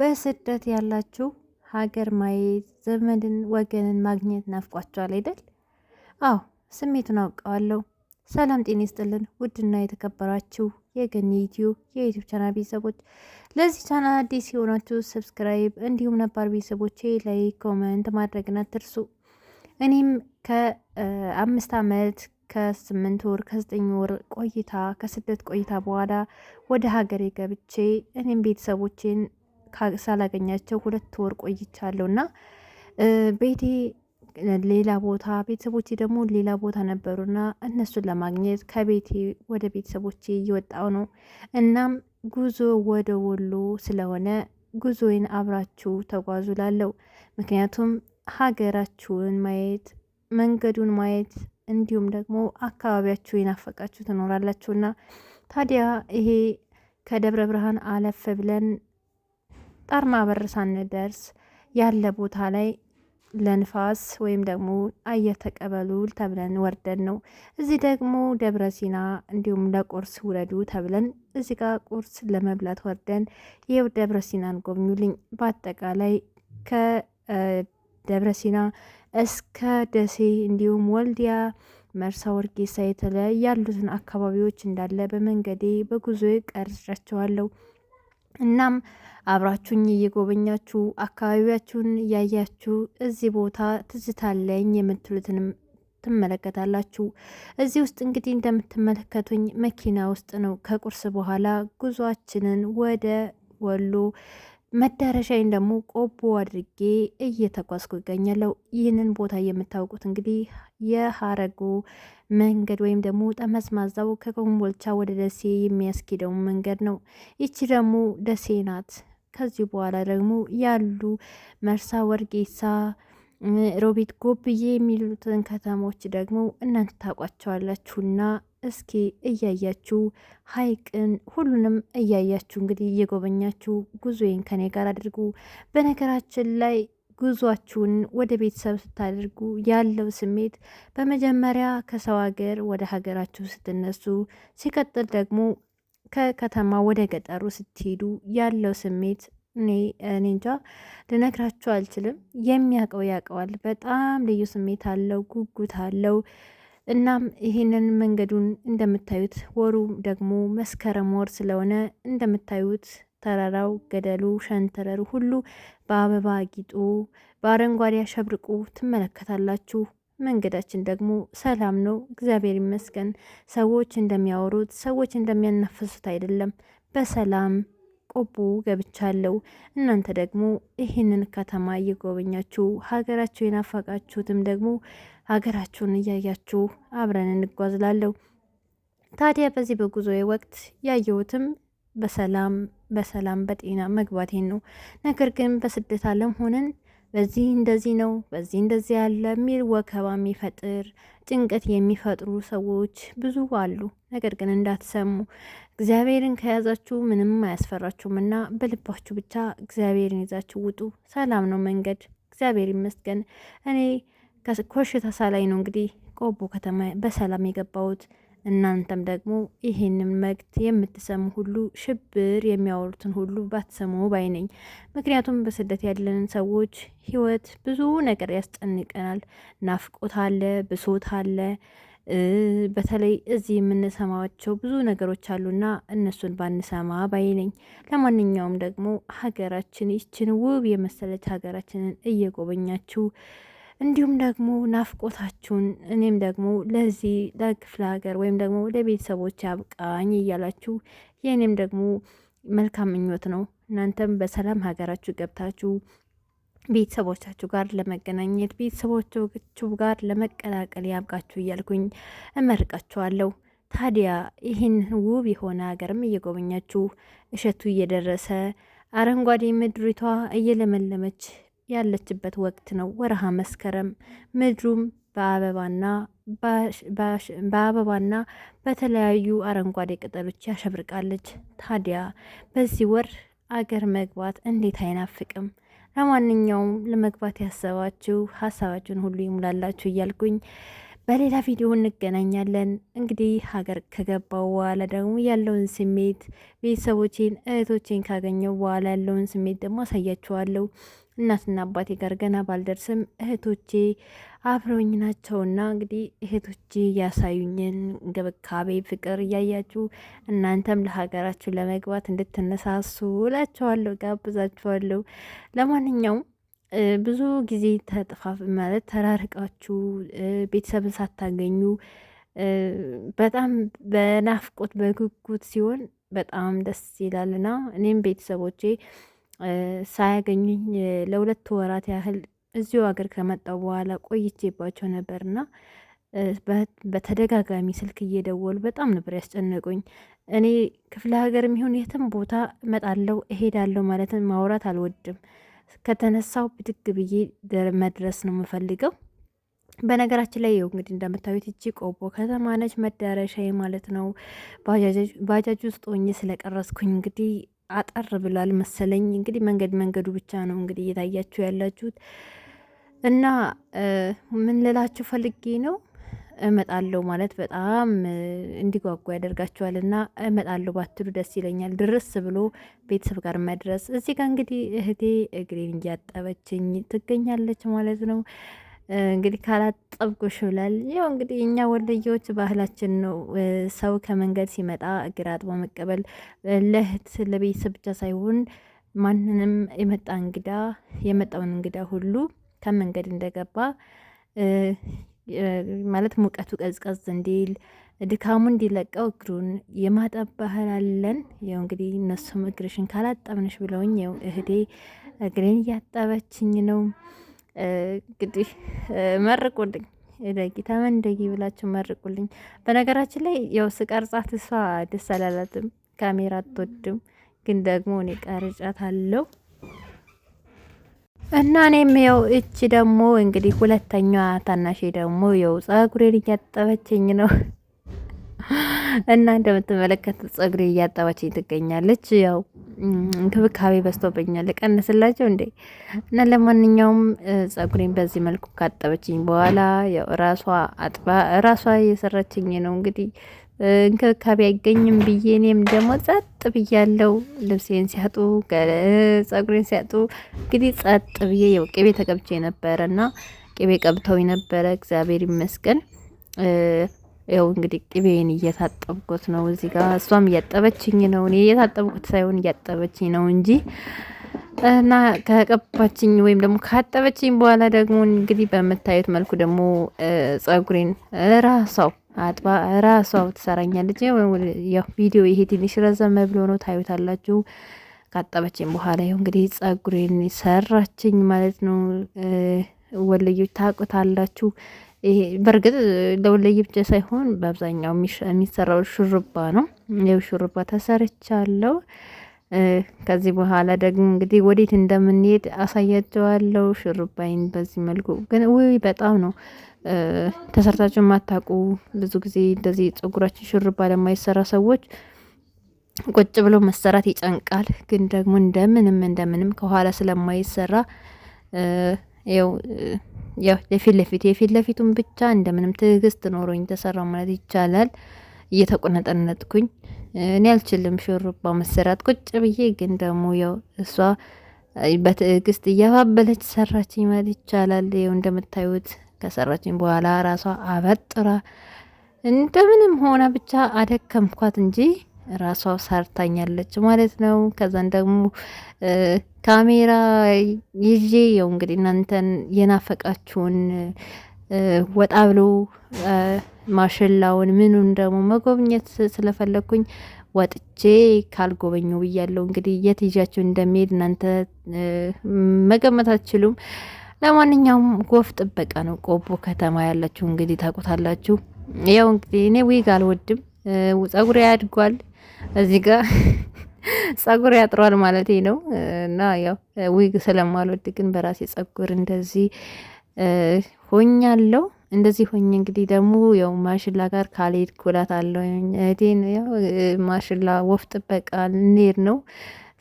በስደት ያላችሁ ሀገር ማየት ዘመድን ወገንን ማግኘት ናፍቋቸዋል አይደል? አዎ ስሜቱን አውቀዋለሁ። ሰላም ጤና ይስጥልን። ውድና የተከበራችሁ የገኒ ዩቲዩብ የዩቲዩብ ቻናል ቤተሰቦች ለዚህ ቻናል አዲስ የሆናችሁ ሰብስክራይብ፣ እንዲሁም ነባር ቤተሰቦቼ ላይ ኮመንት ማድረግን አትርሱ። እኔም ከአምስት ዓመት ከስምንት ወር ከዘጠኝ ወር ቆይታ ከስደት ቆይታ በኋላ ወደ ሀገሬ ገብቼ እኔም ቤተሰቦቼን ሳላገኛቸው ሁለት ወር ቆይቻለሁ እና ቤቴ ሌላ ቦታ ቤተሰቦቼ ደግሞ ሌላ ቦታ ነበሩና እነሱን ለማግኘት ከቤቴ ወደ ቤተሰቦቼ እየወጣው ነው። እናም ጉዞ ወደ ወሎ ስለሆነ ጉዞዬን አብራችሁ ተጓዙ ላለው ምክንያቱም ሀገራችሁን ማየት መንገዱን ማየት እንዲሁም ደግሞ አካባቢያችሁ የናፈቃችሁ ትኖራላችሁና ታዲያ ይሄ ከደብረ ብርሃን አለፍ ብለን ጣርማ በር ሳንደርስ ያለ ቦታ ላይ ለንፋስ ወይም ደግሞ አየር ተቀበሉ ተብለን ወርደን ነው። እዚህ ደግሞ ደብረ ሲና እንዲሁም ለቁርስ ውረዱ ተብለን እዚህ ጋር ቁርስ ለመብላት ወርደን ይኸው ደብረ ሲናን ጎብኙልኝ። በአጠቃላይ ከደብረ ሲና እስከ ደሴ እንዲሁም ወልዲያ፣ መርሳ፣ ወርጌሳ የተለያዩ ያሉትን አካባቢዎች እንዳለ በመንገዴ በጉዞ ቀርጫቸዋለሁ። እናም አብራችሁኝ እየጎበኛችሁ አካባቢያችሁን እያያችሁ እዚህ ቦታ ትዝታለኝ የምትሉትንም ትመለከታላችሁ። እዚህ ውስጥ እንግዲህ እንደምትመለከቱኝ መኪና ውስጥ ነው። ከቁርስ በኋላ ጉዟችንን ወደ ወሎ መዳረሻዬን ደግሞ ቆቦ አድርጌ እየተጓዝኩ ይገኛለሁ። ይህንን ቦታ የምታውቁት እንግዲህ የሀረጎ መንገድ ወይም ደግሞ ጠመዝማዛው ከኮምቦልቻ ወደ ደሴ የሚያስኬደው መንገድ ነው። ይቺ ደግሞ ደሴ ናት። ከዚህ በኋላ ደግሞ ያሉ መርሳ፣ ወርጌሳ ሮቤት ጎብዬ የሚሉትን ከተሞች ደግሞ እናንተ ታውቋቸዋላችሁና እስኪ እያያችሁ ሀይቅን ሁሉንም እያያችሁ እንግዲህ እየጎበኛችሁ ጉዞዬን ከኔ ጋር አድርጉ። በነገራችን ላይ ጉዟችሁን ወደ ቤተሰብ ስታደርጉ ያለው ስሜት በመጀመሪያ ከሰው ሀገር ወደ ሀገራችሁ ስትነሱ፣ ሲቀጥል ደግሞ ከከተማ ወደ ገጠሩ ስትሄዱ ያለው ስሜት እኔ እኔ እንጃ ልነግራችሁ አልችልም። የሚያውቀው ያውቀዋል። በጣም ልዩ ስሜት አለው፣ ጉጉት አለው። እናም ይህንን መንገዱን እንደምታዩት ወሩ ደግሞ መስከረም ወር ስለሆነ እንደምታዩት ተራራው፣ ገደሉ፣ ሸንተረሩ ሁሉ በአበባ አጊጦ በአረንጓዴ አሸብርቆ ትመለከታላችሁ። መንገዳችን ደግሞ ሰላም ነው፣ እግዚአብሔር ይመስገን። ሰዎች እንደሚያወሩት ሰዎች እንደሚያናፍሱት አይደለም። በሰላም ኦቦ ገብቻለሁ። እናንተ ደግሞ ይህንን ከተማ እየጎበኛችሁ ሀገራችሁ የናፈቃችሁትም ደግሞ ሀገራችሁን እያያችሁ አብረን እንጓዝላለሁ። ታዲያ በዚህ በጉዞዬ ወቅት ያየሁትም በሰላም በሰላም በጤና መግባቴን ነው። ነገር ግን በስደት ዓለም ሆነን በዚህ እንደዚህ ነው፣ በዚህ እንደዚህ ያለ የሚል ወከባ የሚፈጥር ጭንቀት የሚፈጥሩ ሰዎች ብዙ አሉ። ነገር ግን እንዳትሰሙ። እግዚአብሔርን ከያዛችሁ ምንም አያስፈራችሁም እና በልባችሁ ብቻ እግዚአብሔርን ይዛችሁ ውጡ። ሰላም ነው መንገድ። እግዚአብሔር ይመስገን እኔ ኮሽታ ሳላይ ነው እንግዲህ ቆቦ ከተማ በሰላም የገባሁት። እናንተም ደግሞ ይህንን መግት የምትሰሙ ሁሉ ሽብር የሚያወሩትን ሁሉ ባትሰሙ ባይ ነኝ። ምክንያቱም በስደት ያለንን ሰዎች ህይወት ብዙ ነገር ያስጨንቀናል። ናፍቆት አለ፣ ብሶት አለ። በተለይ እዚህ የምንሰማቸው ብዙ ነገሮች አሉና እነሱን ባንሰማ ባይ ነኝ። ለማንኛውም ደግሞ ሀገራችን ይችን ውብ የመሰለች ሀገራችንን እየጎበኛችሁ እንዲሁም ደግሞ ናፍቆታችሁን እኔም ደግሞ ለዚህ ለክፍለ ሀገር ወይም ደግሞ ወደ ቤተሰቦች አብቃኝ እያላችሁ የእኔም ደግሞ መልካም ምኞት ነው። እናንተም በሰላም ሀገራችሁ ገብታችሁ ቤተሰቦቻችሁ ጋር ለመገናኘት ቤተሰቦቻችሁ ጋር ለመቀላቀል ያብቃችሁ እያልኩኝ እመርቃችኋለሁ። ታዲያ ይህን ውብ የሆነ ሀገርም እየጎበኛችሁ እሸቱ እየደረሰ አረንጓዴ ምድሪቷ እየለመለመች ያለችበት ወቅት ነው ወርሃ መስከረም። ምድሩም በአበባና በአበባና በተለያዩ አረንጓዴ ቅጠሎች ያሸብርቃለች። ታዲያ በዚህ ወር አገር መግባት እንዴት አይናፍቅም? ለማንኛውም ለመግባት ያሰባችሁ ሀሳባችሁን ሁሉ ይሙላላችሁ እያልኩኝ በሌላ ቪዲዮ እንገናኛለን። እንግዲህ ሀገር ከገባው በኋላ ደግሞ ያለውን ስሜት ቤተሰቦቼን፣ እህቶቼን ካገኘው በኋላ ያለውን ስሜት ደግሞ አሳያችኋለሁ። እናትና አባቴ ጋር ገና ባልደርስም እህቶቼ አብረውኝ ናቸውና እንግዲህ እህቶቼ ያሳዩኝን እንክብካቤ፣ ፍቅር እያያችሁ እናንተም ለሀገራችሁ ለመግባት እንድትነሳሱ እላቸዋለሁ፣ ጋብዛችኋለሁ። ለማንኛውም ብዙ ጊዜ ተጥፋፍ ማለት ተራርቃችሁ ቤተሰብን ሳታገኙ በጣም በናፍቆት በጉጉት ሲሆን በጣም ደስ ይላልና እኔም ቤተሰቦቼ ሳያገኙኝ ለሁለት ወራት ያህል እዚሁ ሀገር ከመጣው በኋላ ቆይቼባቸው ነበርና በተደጋጋሚ ስልክ እየደወሉ በጣም ነበር ያስጨነቁኝ። እኔ ክፍለ ሀገር የሚሆን የትም ቦታ መጣለው እሄዳለሁ ማለትን ማውራት አልወድም። ከተነሳው ብድግ ብዬ መድረስ ነው የምፈልገው። በነገራችን ላይ ይኸው እንግዲህ እንደምታዩት እጅ ቆቦ ከተማ ነች መዳረሻዬ ማለት ነው። ባጃጅ ውስጥ ሆኜ ስለቀረስኩኝ እንግዲህ አጠር ብሏል መሰለኝ። እንግዲህ መንገድ መንገዱ ብቻ ነው እንግዲህ እየታያችሁ ያላችሁት እና ምን ልላችሁ ፈልጌ ነው እመጣለሁ ማለት በጣም እንዲጓጓ ያደርጋቸዋል እና እመጣለሁ ባትሉ ደስ ይለኛል። ድርስ ብሎ ቤተሰብ ጋር መድረስ። እዚህ ጋር እንግዲህ እህቴ እግሬን እያጠበችኝ ትገኛለች ማለት ነው። እንግዲህ ካላጠብ ይላል። ያው እንግዲህ እኛ ወሎዬዎች ባህላችን ነው። ሰው ከመንገድ ሲመጣ እግር አጥቦ መቀበል ለእህት ለቤተሰብ ብቻ ሳይሆን ማንንም የመጣ እንግዳ የመጣውን እንግዳ ሁሉ ከመንገድ እንደገባ ማለት ሙቀቱ ቀዝቀዝ እንዲል ድካሙ እንዲለቀው እግሩን የማጠብ ባህል አለን። ያው እንግዲህ እነሱም እግርሽን ካላጠብንሽ ብለውኝ ያው እህዴ እግሬን እያጠበችኝ ነው። እንግዲህ መርቁልኝ ደጊ ተመን ደጊ ብላችሁ መርቁልኝ። በነገራችን ላይ ያው ስቀርጻት እሷ ደስ አላላትም፣ ካሜራ አትወድም። ግን ደግሞ እኔ ቀርጫት አለው እና እኔም ያው እቺ ደግሞ እንግዲህ ሁለተኛዋ ታናሼ ደግሞ ያው ጸጉሬን እያጠበችኝ ነው እና እንደምትመለከት ጸጉሪ እያጠባችኝ ትገኛለች። ያው እንክብካቤ በዝቶብኛል። ልቀንስላቸው እንዴ? እና ለማንኛውም ጸጉሪን በዚህ መልኩ ካጠበችኝ በኋላ ያው ራሷ አጥባ ራሷ እየሰራችኝ ነው እንግዲህ እንክብካቤ አይገኝም ብዬ እኔም ደግሞ ጸጥ ብያለው። ልብሴን ሲያጡ ጸጉሬን ሲያጡ እንግዲህ ጸጥ ብዬ ያው ቅቤ ተቀብቼ ነበረ እና ቅቤ ቀብተው ነበረ። እግዚአብሔር ይመስገን ያው እንግዲህ ቅቤን እየታጠብኩት ነው እዚህ ጋር እሷም እያጠበችኝ ነው። እኔ እየታጠብኩት ሳይሆን እያጠበችኝ ነው እንጂ እና ከቀባችኝ ወይም ደግሞ ካጠበችኝ በኋላ ደግሞ እንግዲህ በምታዩት መልኩ ደግሞ ጸጉሬን ራሷው አጥባ ራሷው ትሰራኛለች። ያው ቪዲዮ ይሄ ትንሽ ረዘም ብሎ ነው ታዩታላችሁ። ካጠበችኝ በኋላ ያው እንግዲህ ጸጉሬን ሰራችኝ ማለት ነው። ወለዮች ታውቁታላችሁ። ይሄ በእርግጥ ለወለየ ብቻ ሳይሆን በአብዛኛው የሚሰራው ሹሩባ ነው። ይኸው ሹሩባ ተሰርቻለሁ። ከዚህ በኋላ ደግሞ እንግዲህ ወዴት እንደምንሄድ አሳያቸዋለሁ። ሹሩባይን በዚህ መልኩ ግን ውይ በጣም ነው ተሰርታችሁ የማታውቁ ብዙ ጊዜ እንደዚህ ጸጉራችን ሹሩባ ለማይሰራ ሰዎች ቁጭ ብሎ መሰራት ይጨንቃል። ግን ደግሞ እንደምንም እንደምንም ከኋላ ስለማይሰራ ያው የፊት ለፊት የፊት ለፊቱን ብቻ እንደምንም ትዕግስት ኖሮኝ ተሰራው ማለት ይቻላል። እየተቆነጠነጥኩኝ እኔ አልችልም ሹሩባ መሰራት ቁጭ ብዬ፣ ግን ደግሞ ያው እሷ በትዕግስት እያባበለች ሰራችኝ ማለት ይቻላል። ያው እንደምታዩት ከሰራችኝ በኋላ ራሷ አበጥራ እንደምንም ሆና ብቻ አደከምኳት እንጂ ራሷ ሰርታኛለች ማለት ነው። ከዛን ደግሞ ካሜራ ይዤ ያው እንግዲህ እናንተን የናፈቃችሁን ወጣ ብሎ ማሽላውን ምኑን ደግሞ መጎብኘት ስለፈለግኩኝ ወጥቼ ካልጎበኙ ብያለው። እንግዲህ የት ይዣችሁ እንደሚሄድ እናንተ መገመት አትችሉም። ለማንኛውም ጎፍ ጥበቃ ነው ቆቦ ከተማ ያላችሁ እንግዲህ ታውቁታላችሁ። ያው እንግዲህ እኔ ዊግ አልወድም፣ ጸጉሬ ያድጓል። እዚህ ጋር ጸጉር ያጥሯል ማለት ነው። እና ያው ዊግ ስለማልወድ ግን በራሴ ጸጉር እንደዚህ ሆኛለሁ። እንደዚህ ሆኝ እንግዲህ ደግሞ ያው ማሽላ ጋር ካልሄድ ኩላት አለው እህቴን ያው ማሽላ ወፍ ጥበቃ ልንሄድ ነው።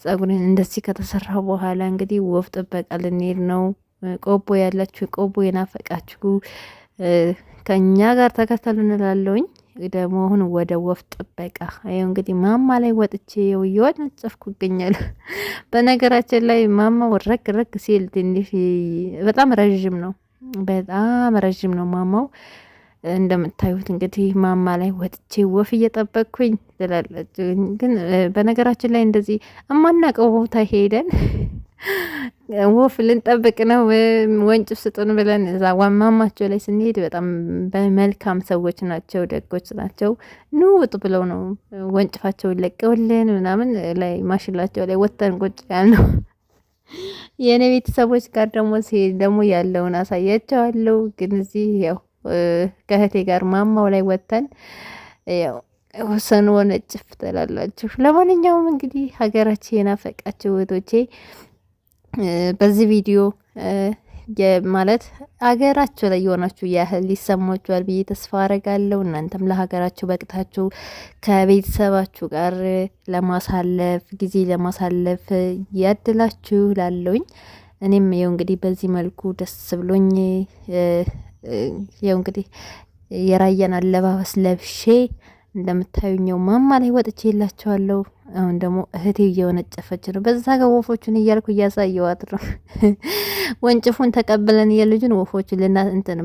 ጸጉሬን እንደዚህ ከተሰራ በኋላ እንግዲህ ወፍ ጥበቃ ልንሄድ ነው። ቆቦ ያላችሁ ቆቦ የናፈቃችሁ ከኛ ጋር ተከተሉ እንላለውኝ። ደግሞ አሁን ወደ ወፍ ጥበቃ ይኸው እንግዲህ ማማ ላይ ወጥቼ የውየዋን ነጸፍኩ ይገኛል። በነገራችን ላይ ማማ ረግ ረግ ሲል ትንሽ በጣም ረዥም ነው፣ በጣም ረዥም ነው ማማው። እንደምታዩት እንግዲህ ማማ ላይ ወጥቼ ወፍ እየጠበቅኩኝ ትላለች። ግን በነገራችን ላይ እንደዚህ እማናቀው ቦታ ሄደን ወፍ ልንጠብቅ ነው ወንጭፍ ስጡን ብለን እዛ ዋማማቸው ላይ ስንሄድ በጣም በመልካም ሰዎች ናቸው፣ ደጎች ናቸው። ኑ ውጡ ብለው ነው ወንጭፋቸውን ለቀውልን ምናምን ላይ ማሽላቸው ላይ ወተን ቁጭ ነው። የእኔ ቤተሰቦች ጋር ደግሞ ሲሄድ ደግሞ ያለውን አሳያቸዋለሁ። ግን እዚህ ያው ከእህቴ ጋር ማማው ላይ ወተን ያው ወሰኑ ነጭፍ ትላላችሁ። ለማንኛውም እንግዲህ ሀገራችን የናፈቃችሁ እህቶቼ በዚህ ቪዲዮ ማለት ሀገራቸው ላይ የሆናችሁ ያህል ሊሰማችኋል ብዬ ተስፋ አረጋለሁ። እናንተም ለሀገራችሁ በቅታችሁ ከቤተሰባችሁ ጋር ለማሳለፍ ጊዜ ለማሳለፍ ያድላችሁ ላለውኝ እኔም ይኸው እንግዲህ በዚህ መልኩ ደስ ብሎኝ ይኸው እንግዲህ የራያን አለባበስ ለብሼ እንደምታዩኛው ማማ ላይ ወጥቼ የላቸዋለሁ። አሁን ደግሞ እህቴ እየወነጨፈች ነው። በዛ ጋር ወፎቹን እያልኩ እያሳየዋት ነው። ወንጭፉን ተቀብለን የልጁን ወፎች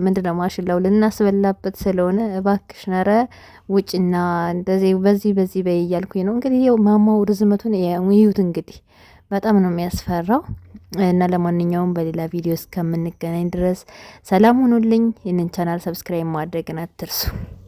ምንድነው ማሽላው ልናስበላበት ስለሆነ እባክሽ ነረ ውጭና እንደዚህ በዚህ በዚህ በይ እያልኩ ነው። እንግዲህ ው ማማው ርዝመቱን ይዩት። እንግዲህ በጣም ነው የሚያስፈራው። እና ለማንኛውም በሌላ ቪዲዮ እስከምንገናኝ ድረስ ሰላም ሁኑልኝ። ይህንን ቻናል ሰብስክራይብ ማድረግን አትርሱ።